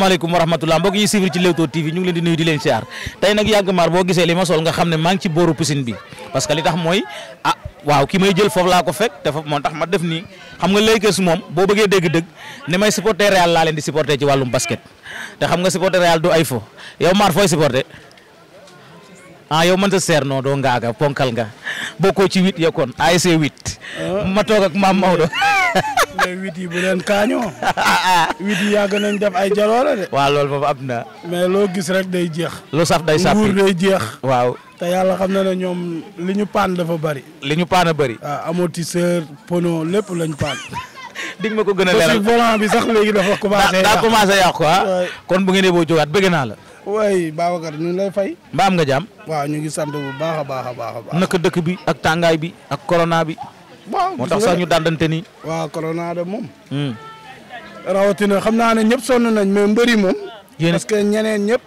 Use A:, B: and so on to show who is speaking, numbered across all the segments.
A: maaleykum wa rahmatulah mbokk yi suivre ci Leewtoo TV ñu ngi leen di nuyu di leen siyaar tey nag yàgg maar boo gisee li ma sol nga xam ne maa ngi ci booru piscine bi parce que li tax mooy ah waaw ki may jël foofu laa ko fekk te foofu moo tax ma def nii xam nga Lakers moom boo bëggee dégg-dëgg ne may supporter Real laa leen di supporter ci wàllum basket te xam nga supporter Real du ay fo yow maar fooy supporter ah yow Manchester non doo ngaaga ponkal nga
B: bokkoo ah. ma wit yi bu leen kaañoo. wit yi yàgg nañ def ay jaloole de. waa lool foofu am na. mais loo gis rek day jeex.
A: loo saf day saf nguur day jeex. waaw
B: te yàlla xam na ne ñoom li ñu paan dafa bari.
A: li ñu paan a bari.
B: waaw ah, amortisseur pono lépp lañ paan. dig ma ko gën a leeral volant bi sax léegi dafa commencé yàqu daa commencé yàqu ah.
A: kon bu ngeen di boo jógaat bëgg naa la.
B: waay Babacar ñu ngi lay fay. mbaam nga jàmm. waaw ñu ngi sant bu baax a baax a baax a baax.
A: naka dëkk bi.
B: waaw moo tax sax ñu dàndante ni. waaw corona de moom. Hmm. rawatina xam naa ne ñëpp sonn nañ mais mbëri moom. parce que ñeneen ñëpp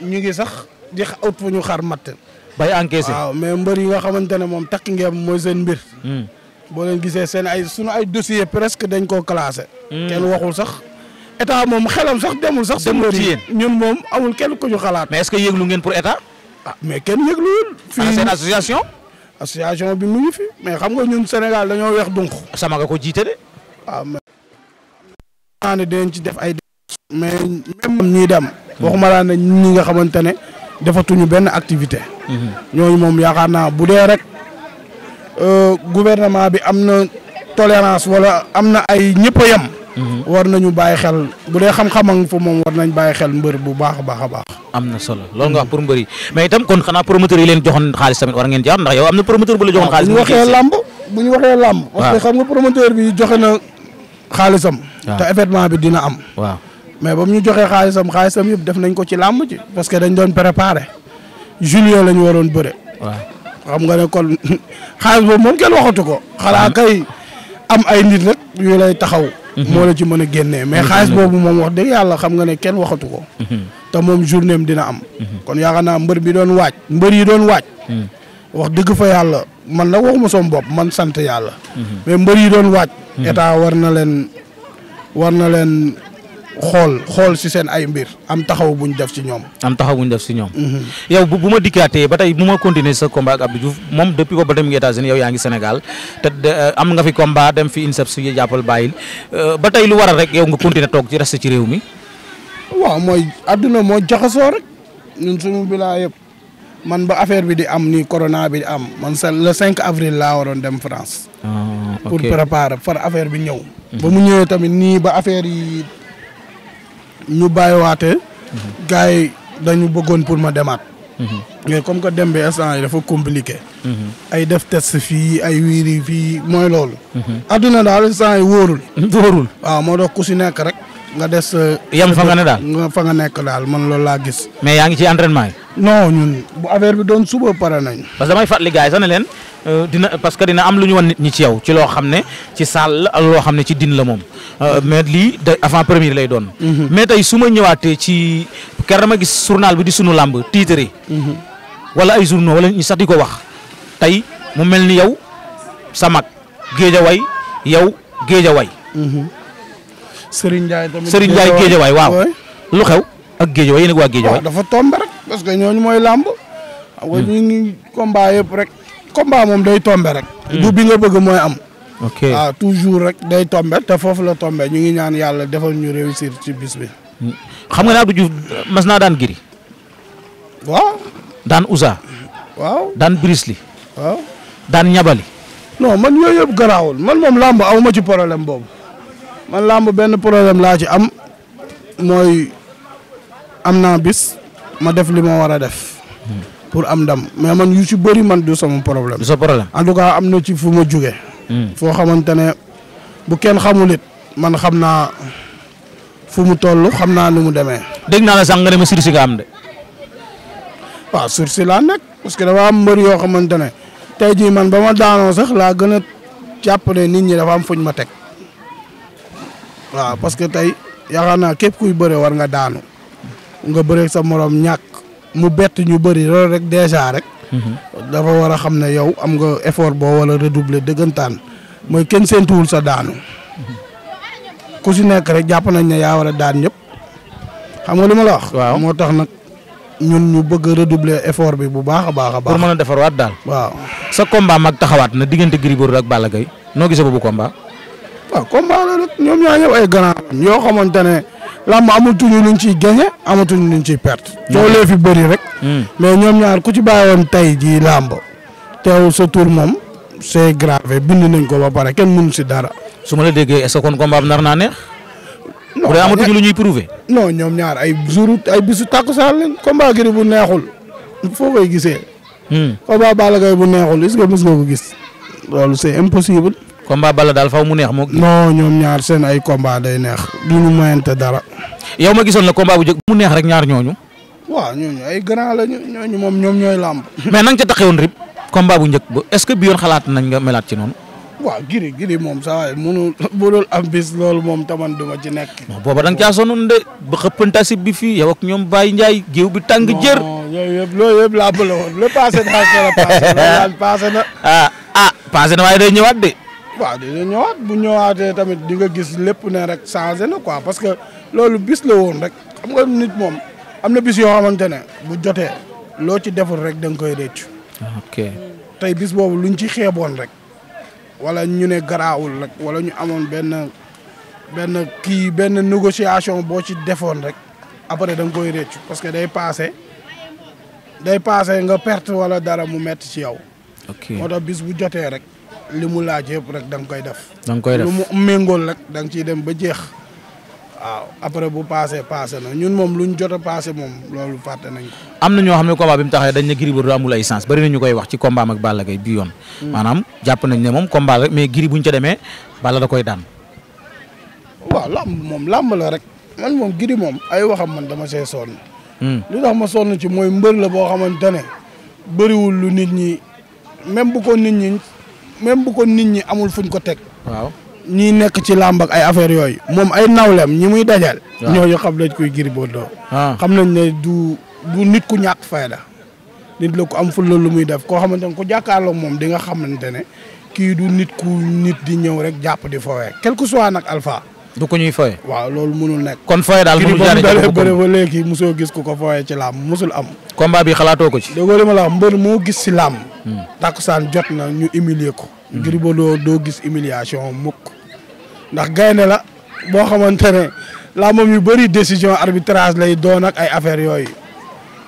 B: ñu ngi sax di ut fu ñu xaar matt. bay encaissé waaw mais mbër yi nga xamante ne moom takk ngeen mooy seen mbir. Hmm. boo leen gisee seen ay sunu ay dossier presque dañ koo classé. Hmm. kenn waxul sax état moom xelam sax demul sax. demul ci yéen ñun moom amul kenn ku ñu xalaat. mais est-ce que yëglu ngeen pour état. Ah, mais kenn yëgluwul. fii seen association. association bi mu ngi fi mais xam nga ñun Sénégal lañoo weex dunq sama ko jiite de. waaw mais. ne dinañ ci def ay. mais même ñii dem. Hmm. waxuma laa nga xamante ne defatuñu benn activité. Hmm. ñooñu moom yaakaar naa bu dee rek euh, gouvernement bi am na tolérance wala am na ay ñëpp a yem. Mhm. war nañu bàyyi xel bu dee xam-xamam fa moom war nañ bàyyi xel mbër bu baax a baax a baax. am
A: na solo loolu nga pour mbër mais itam kon xanaa promoteur yi leen joxoon xaalis tamit war ngeen jaar ndax yow am na promoteur bu la joxoon xaalis. bu
B: ñu waxee bi joxe na xaalisam. te événement bi dina am. waaw mais ba mu ñu joxee xaalisam xaalisam yëpp def nañ ko ci làmb ji. parce que dañ doon préparé juillet la ñu waroon bëre. waaw xam nga ne kon xaalis boobu moom kenn waxatu ko. xalaa kay am ay nit rek Mhm. moo la ci mën a génnee mais mhm. xaalis boobu moom wax dëgg yàlla xam nga ne kenn waxatu ko mhm. te moom journée am dina am kon yaakaar naa mbër bi doon waaj mbër yi doon waaj wax dëgg fa yàlla man nag waxuma sama bopp man sant yàlla mais mbër yi doon waaj état war na leen war na leen xool xool si seen ay mbir am taxaw bu ñu def si ñoom.
A: am taxaw bu ñu def si ñoom. Mhm. yow bu ba tey bu ma continuer sa combat ak moom depuis ba dem États-Unis yow yaa ngi Sénégal te eh, am nga fi combat dem fi eh, lu waral rek yow nga continuer toog ci reste ci réew mi.
B: waaw mooy adduna moo jaxasoo rek ñun suñu bilaa yëpp man ba affaire bi di am nii corona bi di am man sa le 5 avril laa waroon dem France.
A: Ah, pour préparer
B: far affaire bi ñëw. Mhm. ba mu ñëwee tamit nii ba affaire yi. ñu bàyyiwaatee. Mhm. gars yi dañu bëggoon pour ma demaat. Mhm. mais comme que dem bi instant yi dafa compliqué. Mhm. ay def test fii ay wiiri fii mooy loolu. adduna daal instant yi wóorul. wóorul waaw moo tax ku si nekk rek. nga des. yem fa nga ne daal nga fa nekk daal man loolu laa gis. mais yaa ngi ci entraînement yi. non ñun bu affaire bi doon suba pare nañ.
A: parce que damay fàttali gars sax ne leen euh, dina parce que dina am lu ñu wan nit ñi ci yow ci loo xam ne ci saal la loo xam ne ci din la moom euh, mais lii da avant première lay doon. Mhm. mais tey su ma ñëwaatee ci ker dama gis journal bi di suñu làmb titre mhm. wala ay journaux wala ñu sax di ko wax tey mu mel ni yow sa mag géejawaay yow géejawaay. Mhm.
B: Serigne Ndiaye tamit Serigne Ndiaye géejawaay waaw.
A: lu xew ak géejawaay yéen ak waa géejawaay. dafa
B: tombé parce que ñooñu mooy làmb. xam nga ñu ngi combat yëpp rek. combat moom day tombe rek. Mm. du bi nga bëgg mooy am. ok waaw ah, toujours rek day tombe te foofu la tombe ñu ngi ñaan yàlla defal ñu réussir ci bis bi. Mm. xam nga naa Abdou Diouf mas naa daan giri.
A: waaw. daan Ousa. waaw daan Brisli. waaw daan
B: ñabali. non man yooyu yëpp garaawul man moom làmb awma ci poroblème boobu man làmb benn problème laa ci am mooy am naa bis. ma def li ma war a def. pour am ndam mais man yu ci bëri man du sama problème. du sa problème en tout cas am na ci fu ma jugee. Hmm. foo xamante ne bu kenn xamul it man xam naa fu mu toll xam naa nu mu demee. dégg naa la sax nga ne ma sursi nga am de. waaw sursi laa nekk parce que dafa am mbër yoo xamante ne tey jii man ba ma daanoo sax laa gën a jàpp ne nit ñi dafa am fuñ ma teg waaw parce que tey yaakaar naa képp kuy bëre war nga daanu. nga bëreeg sa morom ñàkk mu bett ñu bëri loolu rek dèjà rek. Mhm. dafa war a xam ne yow am nga effort boo wala redoubler dëggantaan mooy kenn séentuwul sa daanu. ku si nekk rek jàpp nañ ne yaa war a daan ñëpp xam nga lu ma la waaw moo tax nag ñun ñu bëgg a redoubler bi bu baax a baax a baax. pour mën a defarwaat daal. waaw sa combat mag
A: taxawaat na diggante Gris Bordeaux ak Balla Gaye noo gisee boobu combat.
B: waaw combat la rek ñoom ñaa ñëw ay grand yoo xamante làmb amatuñu luñ ciy gagné amatuñu luñ ci perte. coow lee fi bëri rek. Hmm. mais ñoom ñaar ku ci bàyyi woon tey jii làmb teew sa tur moom c'est grave bind nañ ko ba pare kenn mënu si dara.
A: su ma la déggee est-ce que kon combat nar naa neex. non bu amatuñu lu ñuy prouver.
B: non ñoom ñaar ay jour ay bisu takkusaan lañ combat bu neexul foo koy gisee. Hmm. combat bu neexul est-ce que mës nga ko gis. loolu c'est impossible. combat Balla daal faw mu neex moo. non ñoom ñaar seen ay combat day neex. du ñu mayante dara. bu njëkk mu neex rek ñooñu. waaw ñooñu ay grand la ñooñu moom ñoom ñooy làmb.
A: mais na nga ca taxawoon rib combat bu njëkk ba est-ce que bi yoon xalaat nañ nga melaat ci noonu.
B: waaw giri giri moom saa waay mënul budul am bis loolu moom taman duma ci nekk. booba da nga caa de ba xëppantasi bi fii yow ak ñoom Baye Ndiaye
A: géew bi tàng jër.
B: non yooyu yëpp woon le la passé na. ah
A: ah na waaye day ñëwaat de.
B: waaw dina ñëwaat bu ñëwaatee tamit di nga gis lépp ne rek changé na quoi parce que loolu bis la woon rek xam nga nit moom am na bis yoo xamante ne bu jotee loo ci deful rek da nga koy réccu. ok tey bis boobu luñ ci xeeboon rek wala ñu ne garaawul rek wala ñu amoon benn benn kii benn négociation boo ci defoon rek après da nga koy réccu parce que day passé day passé nga perte wala dara mu metti ci yow. moo tax bis bu jotee rek. li mu laaj yëpp rek da koy def. da nga koy def lu mu méngool rek da nga dem ba jeex. waaw après bu paasee paase na ñun moom luñ jot a paase moom loolu fàtte nañ
A: am na ñoo xam ne combat bi mu taxawee dañ ne Gris Bordeaux ay sens bari na ñu koy wax ci combat ma ak Balla Gaye bi yoon. Hmm. maanaam jàpp nañ ne moom combat rek mais Gris buñ ca demee Balla da koy daan.
B: waaw làmb moom làmb rek man moom Gris moom ay waxam ma dama see sonn. Hmm. li tax ma sonn ci mooy mbër la boo xamante ne bëriwul lu nit ñi même bu ko nit ñi même bu ko nit ñi amul fuñ ko teg. waaw ñiy nekk ci làmb ay affaire yooyu. moom ay nawleem ñi muy dajal. waaw ñooñu xam nañ koy Gris Bordeaux. Ah. xam nañ ne du du nit ku ñàkk fayda nit la ko am ful lu muy def koo xamante ne ku jàkkaarloo moom di nga xamante ne kii du nit ku nit di ñëw rek jàpp di foowee quel que soit nag du ko ñuy foye waaw loolu mënul nekk. kon foye daal mënul jaaree ci ba léegi mosoo gis ku ko foye ci laam musul am. combat bi xalaatoo ko ci. déggoo li ma la wax mbër moo gis si làmb. Hmm. takkusaan jot na ñu humilier ko. Hmm. Gris Bordeaux doo gis humiliation mukk ndax gaynde la boo xamante ne moom yu bëri décision arbitrage lay doon ak ay affaire yooyu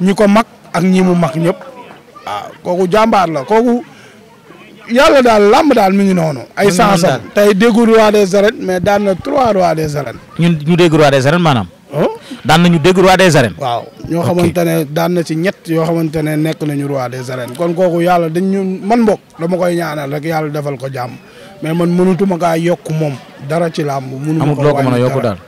B: ñi ko mag ak ñi mu mag ñëpp. waaw ah, kooku jàmbaar la kooku yàlla daal làmb daal mi ngi noonu. ay sansam tey déggu roi des arènes mais daan na trois roi des arènes.
A: ñun ñu dégg roi des maanaam. Oh? daan nañu dégg roi des arènes.
B: waaw ñoo xamante ne daan na ci ñett yoo xamante ne nekk ñu roi des arènes kon kooku yàlla dañ ñu man mbokk ma koy ñaanal rek yàlla defal ko jàmm mais man mënutuma kaa yokk moom dara ci làmb. mënuma ko amul loo ko mën a yokk daal.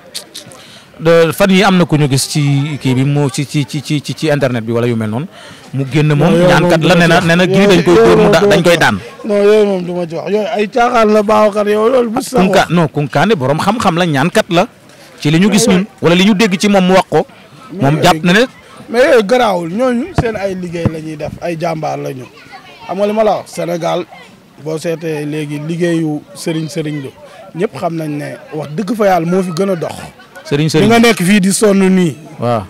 A: fan yi am na ku ñu gis ci kii bi mu ci ci ci ci ci internet bi wala yu mel noonu mu génn moom ñaankat la nee na nee na dañ koy dóor mu dañ koy daan
B: non yooyu moom du ma jox yooyu ay caaxaan la borom
A: xam-xam la ñaankat la ci li ñu gis ñun wala li ñu dégg ci moom mu wax ko
B: moom jàpp na ne mais yooyu garaawul ñooñu seen ay liggéey la ñuy def ay jàmbaar la ñu xam nga li ma la wax senegal boo seetee léegi liggéeyu sëriñ sëriñ lu ñëpp xam nañ ne wax dëgg fa yàlla moo fi gën a dox
A: sëriñ sëriñ nga nekk
B: fii di sonn nii. waaw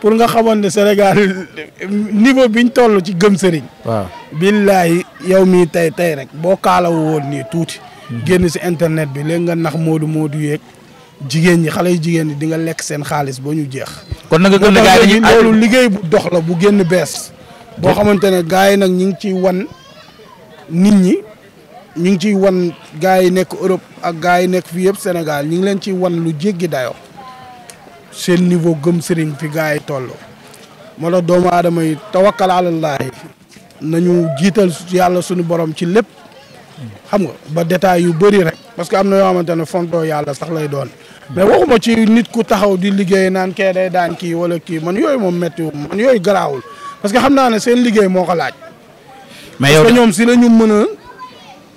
B: pour nga xamoon ne Sénégal niveau biñ toll ci gëm sëriñ. waaw billaay yow mii tey tey rek boo kaalawu woon nii tuuti. Mhm. génn si internet bi léegi nga nax Modou moodu yéeg jigéen ñi xale yi jigéen ñi di nga lekk seen xaalis ba ñu jeex. kon nag gëm liggéey dox la bu génn bees. boo xamante ne gars yi nag ñu ngi ciy wan nit ñi. ñu ngi ciy wan gars yi nekk Europe ak gars yi nekk fii yëpp Sénégal ñu ngi leen ciy wan lu jéggi dayoo. seen niveau gëm sëriñ fi gars yi toll. moo tax doomu aadama yi tawakkal alallaahi nañu jiital yàlla suñu borom ci lépp xam nga ba détail yu bëri rek. parce que am na yoo xamante ne fontoo yàlla lay doon. mais waxuma ci nit ku taxaw di liggéey naan day daan kii wala kii man yooyu moom méttiwu man yooyu garaawul parce que xam naa ne seen liggéey moo ko laaj. mais yow ñoom si la ñu mën a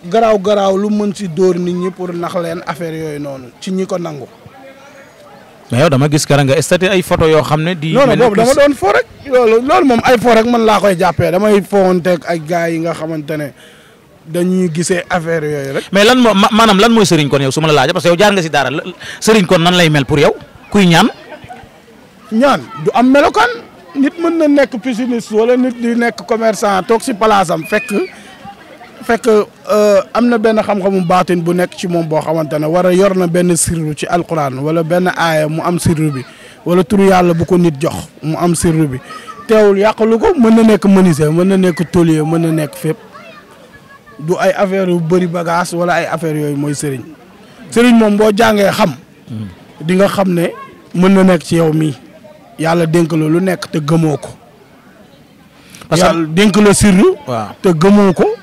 B: garaaw garaaw lu mën si dóor nit ñi pour nax leen affaire yooyu noonu ci ñi ko nangu.
A: mais yow dama gis kara nga statut ay photo yoo xam ne. di mel ni boobu dama doon
B: fo rek. loolu loolu moom ay fo rek man laa koy jàppee damay fowanteeg ay gars yi nga xamante ne dañuy gisee affaire yooyu
A: rek. mais lan moo maanaam lan mooy sëriñ kon yow su ma la laajee parce que yow jaar nga si daara sëriñ kon
B: nan lay mel pour yow kuy ñaan. ñaan du am melokaan nit mën na nekk pisciniste wala nit di nekk commerçant toog si palaasam fekk. fekk euh, am na benn xam-xamu baatin bu nekk ci moom boo xamante ne war a yor na benn sirru ci alquran wala benn aaya mu am sirru bi wala turu yàlla bu ko nit jox mu am sirru bi teewul yàqulu ko mën na nekk menuisier mën na nekk tôlier mën na nekk fépp du ay affaire yu bëri bagage wala ay affaire yooyu mooy sëriñ sëriñ moom boo jàngee xam dinga xam ne mën na nekk ci yow mii yàlla dénk la lu nekk te gëmoo ko parce que sirru te gëmoo ko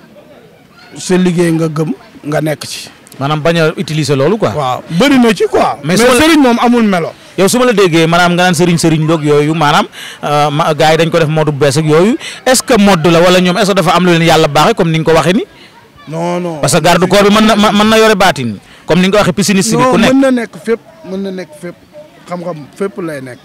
B: sa liggéey nga gëm nga nekk ci. maanaam bañ a utiliser loolu ko
A: waaw bëri na ci quoi. mais sëriñ moom amul melo. yow su ma la déggee maanaam nga naan sëriñ sëriñ loog yooyu maanaam euh, gars dañ ko def mode bu bees ak yooyu est-ce que mode la wala ñoom est-ce que dafa am lu leen yàlla baaxee comme ni nga ko waxee ni
B: non non na mën na
A: yore comme ni nga ko waxee pisciniste bi ku nekk mën
B: na nekk fépp na nekk fépp lay nekk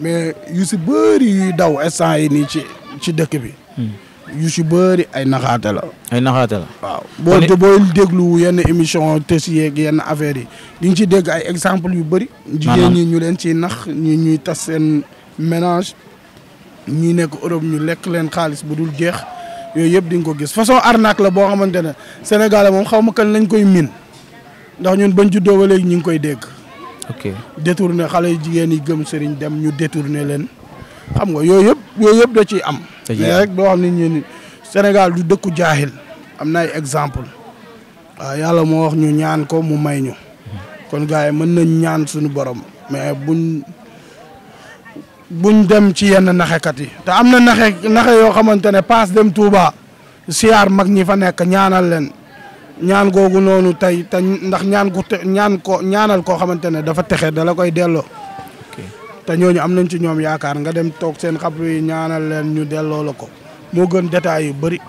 B: mais yu si bëri yuy daw instant yi nii ci ci dëkk bi. Hmm. yu si bëri ay naxaate la. ay naxaate la waaw. boo te déglu yenn émission te si yeeg yenn affaire yi di nga ci dégg ay exemple yu bëri. jigéen ñi ñu leen ciy nax ñi ñuy tas seen ménage ñi nekk Europe ñu lekk leen xaalis bu dul jeex yooyu yëpp di nga ko gis façon arnaque la boo xamante ne Sénégal moom xaw ma kan lañ koy min ndax ñun bañ juddoo ba léegi ñu ngi koy dégg. ok détourné xale yi jigéen yi gëm sëriñ dem ñu détourné leen xam nga yooyu yëpp yooyu yëpp da ciy am. te rek doo xam ne ñu Sénégal du dëkku jaaxil am na ay exemple waaw yàlla moo wax ñu ñaan ko mu may ñu kon gars yi mën nañ ñaan suñu borom mais buñ buñ dem ci yenn naxekat yi te am na naxe naxe yoo xamante ne paas dem tuuba siyaar mag ñi fa nekk ñaanal leen ñaan googu noonu tey te ndax ñaan ko ñaan ñaanal koo xamante ne dafa texe dala koy delloo te ñooñu am nañ ci ñoom yaakaar nga dem toog seen xabru yi ñaanal leen ñu delloo la ko moo gën détails yu bëri.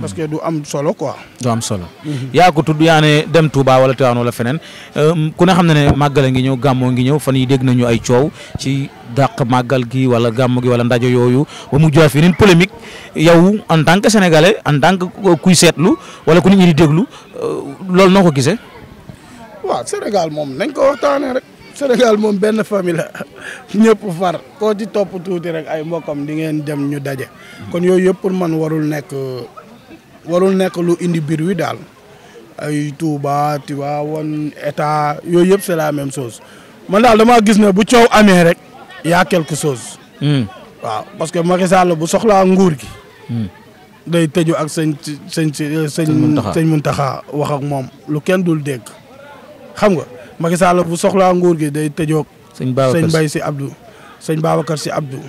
B: parce que du am solo quoi.
A: du am solo. Mhm. yaa ko tudd yaa ne dem Touba wala Tivaouane wala feneen euh, ku ne xam na ne màggale ngi ñëw gàmmoo ngi ñëw fan yi dégg nañu ay coow ci dàq màggal gi wala gàmm gi wala ndaje yooyu ba mu jox fi yeneen polémique yow en tant que sénégalais en tant kuy seetlu wala ku nit ñu di déglu euh, loolu noo ko gisee.
B: waaw Sénégal moom nañ Sénégal moom benn famille la ñëpp far koo ci topp tuuti rek ay mbokkam di ngeen dem ñu daje. kon yooyu yëpp pour man warul nekk warul nekk lu indi biir wi daal ay Touba Tivaouane état yooyu yëpp c'est la même sos man daal damaa gis ne bu coow amee rek y'a quelque chose. Hmm. waaw parce que Macky Sall bu soxlaa nguur gi. Hmm. day tëju ak sëñ sëñ sëñ. sëñ wax ak moom lu kenn dul dégg xam nga. Macky Sall bu soxlaa nguur gi day tëjoog. sëñ Babacar sëñ si Abdou. sëñ Babacar si Abdou.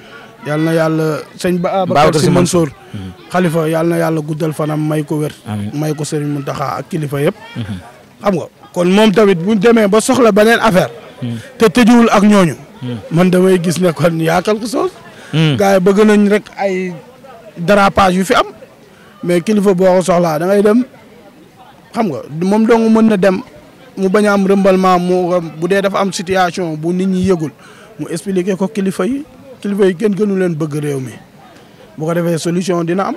B: yal na yàlla sëñ Babacar si Mansour. Mm-hmm. xalifa yal na yàlla guddal fanam may ko wér. may ko Serigne Mountakha ak kilifa yëpp. Mm-hmm. xam nga kon moom tamit bu demee ba soxla beneen affaire. Mm-hmm. te tëjuwul ak ñooñu. man damay gis ne kon yaakal ko soos. gars yi bëgg nañ rek ay dérapage yu fi am. mais kilifa boo ko soxlaa da dem xam nga moom dong mën na dem. mu bañ a am rëmbalement mu bu dee dafa am situation bu nit ñi yëgul mu expliquer ko kilifa yi kilifa yi kenn gënu leen bëgg réew mi bu ko defee solution dina am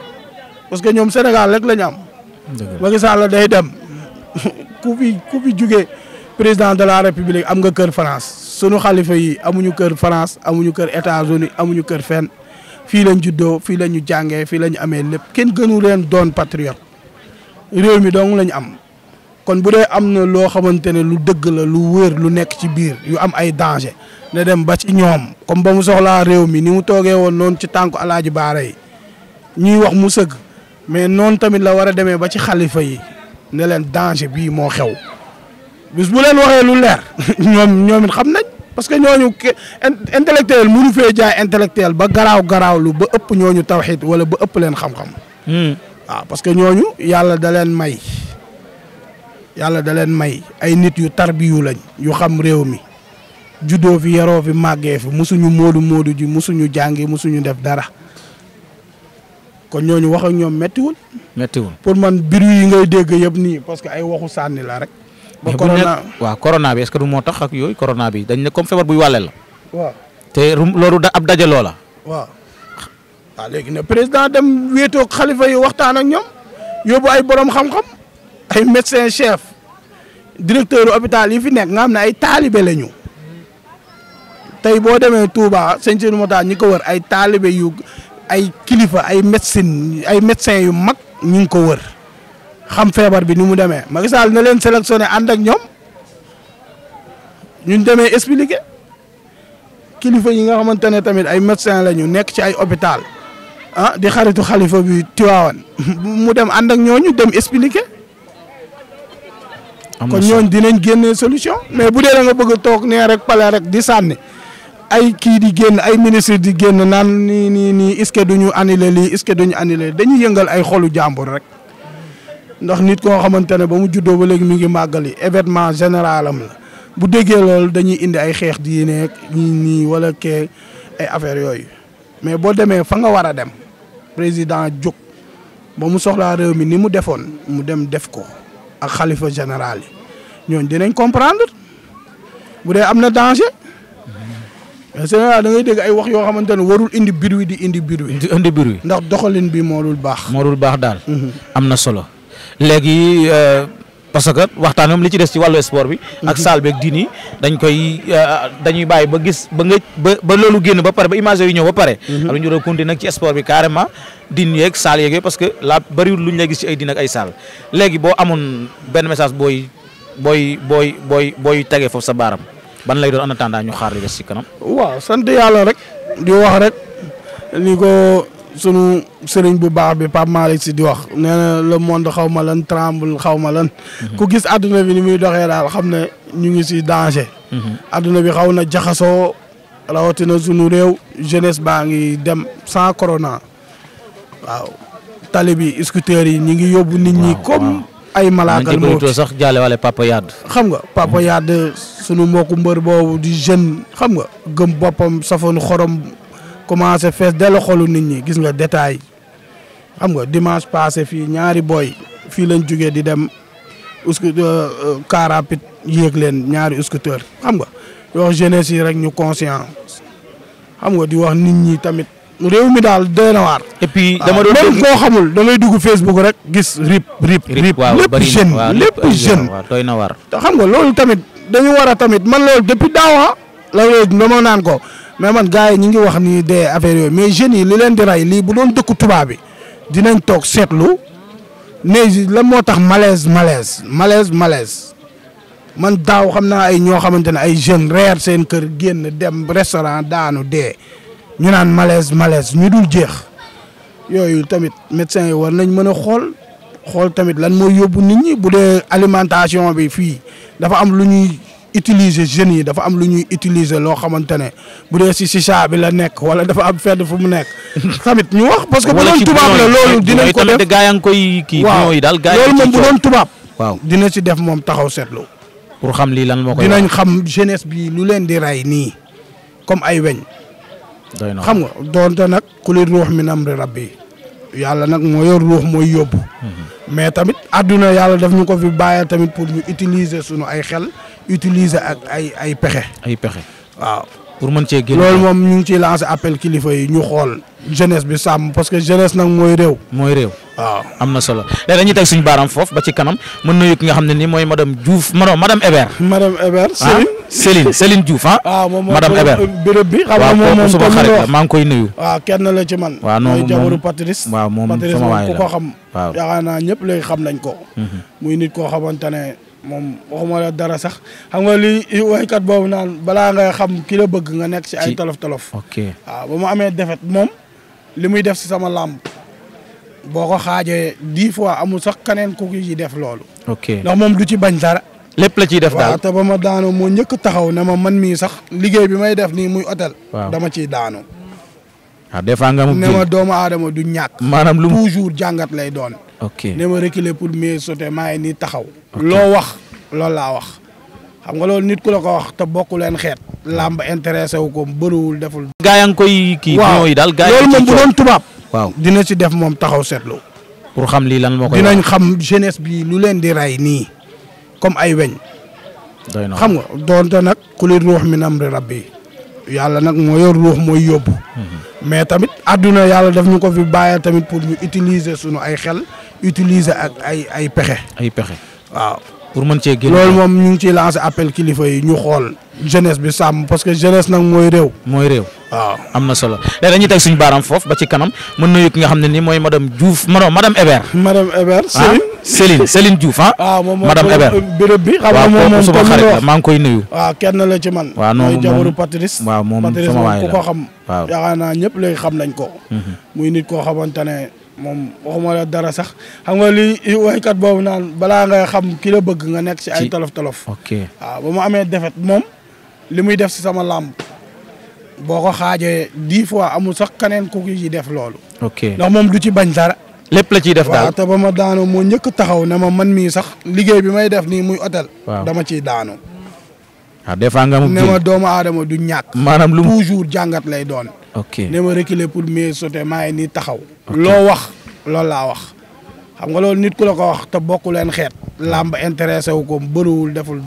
B: parce que ñoom Sénégal rek la am. Macky Sall day dem ku fi ku fi jugee président de la république am nga kër France sunu xalifa yi amuñu kër France amuñu kër États-Unis amuñu kër fen fii lañ juddoo fii la ñu jàngee fii la ñu amee lépp kenn gënu leen doon patriote réew mi dong la ñu am. kon bu dee am na loo xamante ne lu dëgg la lu wër lu nekk ci biir yu am ay danger na dem ba ci ñoom comme ba mu soxlaa réew mi ni mu toogee woon noonu ci tànku alaaji baara yi ñuy wax mu sëgg mais noonu tamit la war a demee ba ci xalifa yi ne leen danger bii moo xew bis bu leen waxee lu leer ñoom ñoom it xam nañ parce que ñooñu intellectuel mënu fee jaay intellectuel ba garaaw garaaw lu ba ëpp ñooñu tawxiit wala ba ëpp leen xam-xam hmm. waaw parce ñooñu yàlla may yàlla da leen may ay nit yu tarbiyu lañ yu xam réew mi juddoo fi yaroo fi màggee fi musuñu móodu móodu ji musuñu jàngi musuñu def dara kon ñooñu wax ak ñoom méttiwul. méttiwul pour man biir yi ngay dégg yëpp nii parce que ay waxu sànni la rek. ba corona
A: waaw corona bi est-ce moo tax ak yooyu corona bi dañ ne comme feebar buy wàllel la. waaw te loolu da ab dajaloo la.
B: waaw léegi ne président dem wéetoog xalifa yi waxtaan ak ñoom yóbbu ay boroom xam-xam. ay médecin chef directeur hôpital yi fi nekk nga xam ne ay taalibe lañu ñu tey boo demee Touba sëñ Sëñ Mota ñi ko wër ay taalibe yu ay kilifa ay médecine ay médecin yu mag ñu ngi ko wër xam feebar bi ni mu demee Macky Sall na leen sélectionné ànd ak ñoom ñun demee expliqué kilifa yi nga xamante ne tamit ay médecin la ñu nekk ci ay hôpital ah di xaritu xalifa bi Tiwaawan mu dem ànd ak ñooñu dem expliqué kon ñooñ dinañ génnee solution mais bu dee da nga bëgg a toog nee rek pale rek di sànni ay kii di génn ay ministre di génn naan nii nii nii est-ce que duñu annulé lii est-ce que duñu annulé dañuy yëngal ay xolu jàmbur rek ndax nit koo xamante ne ba mu juddoo ba léegi mi ngi màggali événement général am la bu déggee loolu dañuy indi ay xeex di nekk ñii nii wala kee ay affaire yooyu mais boo demee fa nga war a dem président jóg ba mu soxlaa réew mi ni mu defoon mu dem def ko ak xalifa général yi ñooñu dinañ comprendre bu dee am na danger général da dégg ay wax yoo xamante ne warul indi bir wi di indi bir indi bir wi. ndax doxalin bi moo baax.
A: moo baax daal.
B: Mhm. am na solo léegi.
A: Euh, parce que waxtaan moom li ci des ci wàllu sport bi. Mhm. ak saal beeg diin yi dañ koy euh, dañuy bàyyi ba gis ba nga ba ba loolu génn ba pare ba image yooyu ñëw ba pare. Mhm. alors ñu doon continuer nag ci sport bi carrément diin parce que la bëriwul lu ñu lay gis ci ay diin ak ay saal léegi boo amoon benn message booy booy booy booy booy tege foofu sa baaram ban lay doon en attendant ñu xaar li des ci kanam. waaw
B: sant yàlla rek di wax rek ni ko sunu sëriñ bu baax bi Pape Malick si di wax nee na le monde xaw ma lan tremble xaw ma lan. Mhm. ku gis adduna bi ni muy doxee daal xam ne ñu ngi si danger. Mhm. adduna bi xaw na jaxasoo rawatina sunu réew jeunesse baa ngi dem sans corona waaw tali bi scooter yi ñu ngi yóbbu nit ñi comme. ay malaakal moo ci
A: sax jaale wale papa Yade.
B: xam nga papa mhm. Yade sunu mbokku mbër boobu di jeune xam nga gëm boppam safoon xorom. commencé fees dellu xolu nit ñi gis nga détail xam nga dimanche passé fii ñaari boy fii lañ jugee di dem usku euh, euh, car rapide yéeg leen ñaari scooter xam nga yoo jeunesse yi rek ñu conscient xam nga di wax nit ñi tamit réew mi daal doy na waar. Ah, dama doon même koo xamul da ngay dugg Facebook rek gis rip rip rip lépp jeune lépp jeune
A: na waar. te xam nga loolu
B: tamit dañu war a tamit man loolu depuis daawa ah, la loolu dama naan ko. mais man gars yi ñu ngi wax ni dee affaire yooyu mais jeunes yi li leen di rey lii bu doon dëkku tubaab dinañ toog seetlu mais lan moo tax malaise malaise malaise malaise man daaw xam naa ay ñoo xamante ne ay jeunes reer seen kër génn dem restaurant daanu dee ñu naan malaise malaise ñu dul jeex yooyu tamit médecins yi war nañ mën a xool xool tamit lan moo yóbbu nit ñi bu dee alimentation bi fii dafa am lu ñuy utiliser jeunes yi dafa am lu ñuy utiliser loo xamante ne bu dee si chicha bi la nekk wala dafa am fedd fu mu nekk tamit ñu wax parce que bu doon tubaab la ko def gaa yaa
A: ngi koy kii waaw yi daal moom bu doon tubaab
B: dina si def moom taxaw seetlu
A: pour xam lii lan moo koy dinañ
B: xam jeunesse bi lu leen di rey nii comme ay weñ xam nga doonte nag kuli ruux min amri rabbi yàlla nag moo yor ruux mooy yóbbu mhm. mais tamit àdduna yàlla daf ñu ko fi bàyyi tamit pour ñu utiliser sunu ay xel utiliser ak ay ay pexe. ay
A: pexe waaw. pour mën cee génn loolu
B: moom ñu ngi ciy lancer appel kilifa yi ñu xool jeunesse bi sàmm parce que jeunesse nag mooy réew.
A: mooy réew waaw am na solo léegi dañuy teg suñu baaram foofu ba ci kanam mën nuyu ki nga xam ne nii mooy madame Diouf non madame Hébert.
B: madame Hébert ah, Céline Céline
A: Céline Diouf ah. waaw ah, moom madame Hébert béréb bi. nga maa ngi koy nuyu.
B: waaw kenn la ci man. waaw moom mooy jabaru Patrice. waaw moom sama waay la Patrice moom ku ko xam. waaw yaakaar naa ñëpp léegi xam nañ ko. Mhm. muy nit koo xamante moom waxuma la dara sax xam nga li waykat boobu naan balaa nga xam ki bëgg nga nekk si ay tolof tolof
A: waaw
B: ba mu amee defet moom li muy def si sama làmb boo ko xaajee dix fois amul sax keneen ku ki ci def loolu ndax moom du ci bañ dara lépp la ciy def daal te ba ma daanoo moo njëkk taxaw ne ma man mii sax liggéey bi may def nii muy hôtel dama ciy daanu
A: waaw ah, des fois nga am ne ma
B: doomu aadama du ñàkk maanaam lu toujours jàngat lay doon ok ne ma reculer pour mieux sauter maa ngi taxaw. loo wax loolu laa wax. xam nga loolu nit ku la ko wax te bokku leen xeet. làmb intéressé wu ko bëriwul deful. gaa yaa koy kii. waaw daal gaa loolu moom tubaab. waaw dina ci def moom taxaw seetlu. pour xam lii lan moo koy dinañ xam jeunesse bi lu leen di ray nii comme ay weñ. doy na xam nga doonte nag. xulir ruux min amri rabbi yàlla nag moo yor ruux mooy yóbbu. mais tamit àdduna yàlla daf ñu ko fi bàyyee tamit pour ñu utiliser suñu ay xel utiliser ak ay ay pexe.
A: ay pexe waaw. pour mën cee génn loolu moom
B: ñu ngi ciy lancer appel kilifa yi ñu xool jeunesse bi sàmm parce que jeunesse nag mooy réew. mooy
A: réew. waaw am na solo léegi dañuy teg suñu baaraam foofu ba ci kanam mën nuyu ki nga xam ne nii mooy madame Diouf madame madame Hébert.
B: madame Hébert ah, Céline
A: Céline Céline Diouf ah.
B: ah waaw moom moom madame bi. xam maa ngi koy nuyu. waaw kenn la ci man. waaw non moom mooy jabaru Patrice. xam. waaw naa ñëpp léegi xam nañ ko. Mm-hmm. muy nit koo xamante ne moom waxuma la dara sax xam nga li waykat boobu naan balaa ngay xam ki la bëgg nga nekk si ay tolof tolof. ok waaw ba mu amee defet moom li muy def si sama làmb boo ko xaajee dix fois amul sax keneen ku ci def loolu. ok ndax moom du ci bañ dara. lépp la ciy def daal waaw te ba ma daanoo moo njëkk taxaw ne ma man mii sax liggéey bi may def nii muy hôtel. dama ciy daanoo.
A: waaw ah, des fois nga ne ma
B: doomu aadama du ñàkk. maanaam lu toujours jàngat lay doon. ok ne ma reculer pour mieux soo maa ngi nii taxaw. loo wax loolu laa wax. xam nga loolu nit ku la ko wax te bokku leen xeet. làmb intéressé wu kom bëriwul deful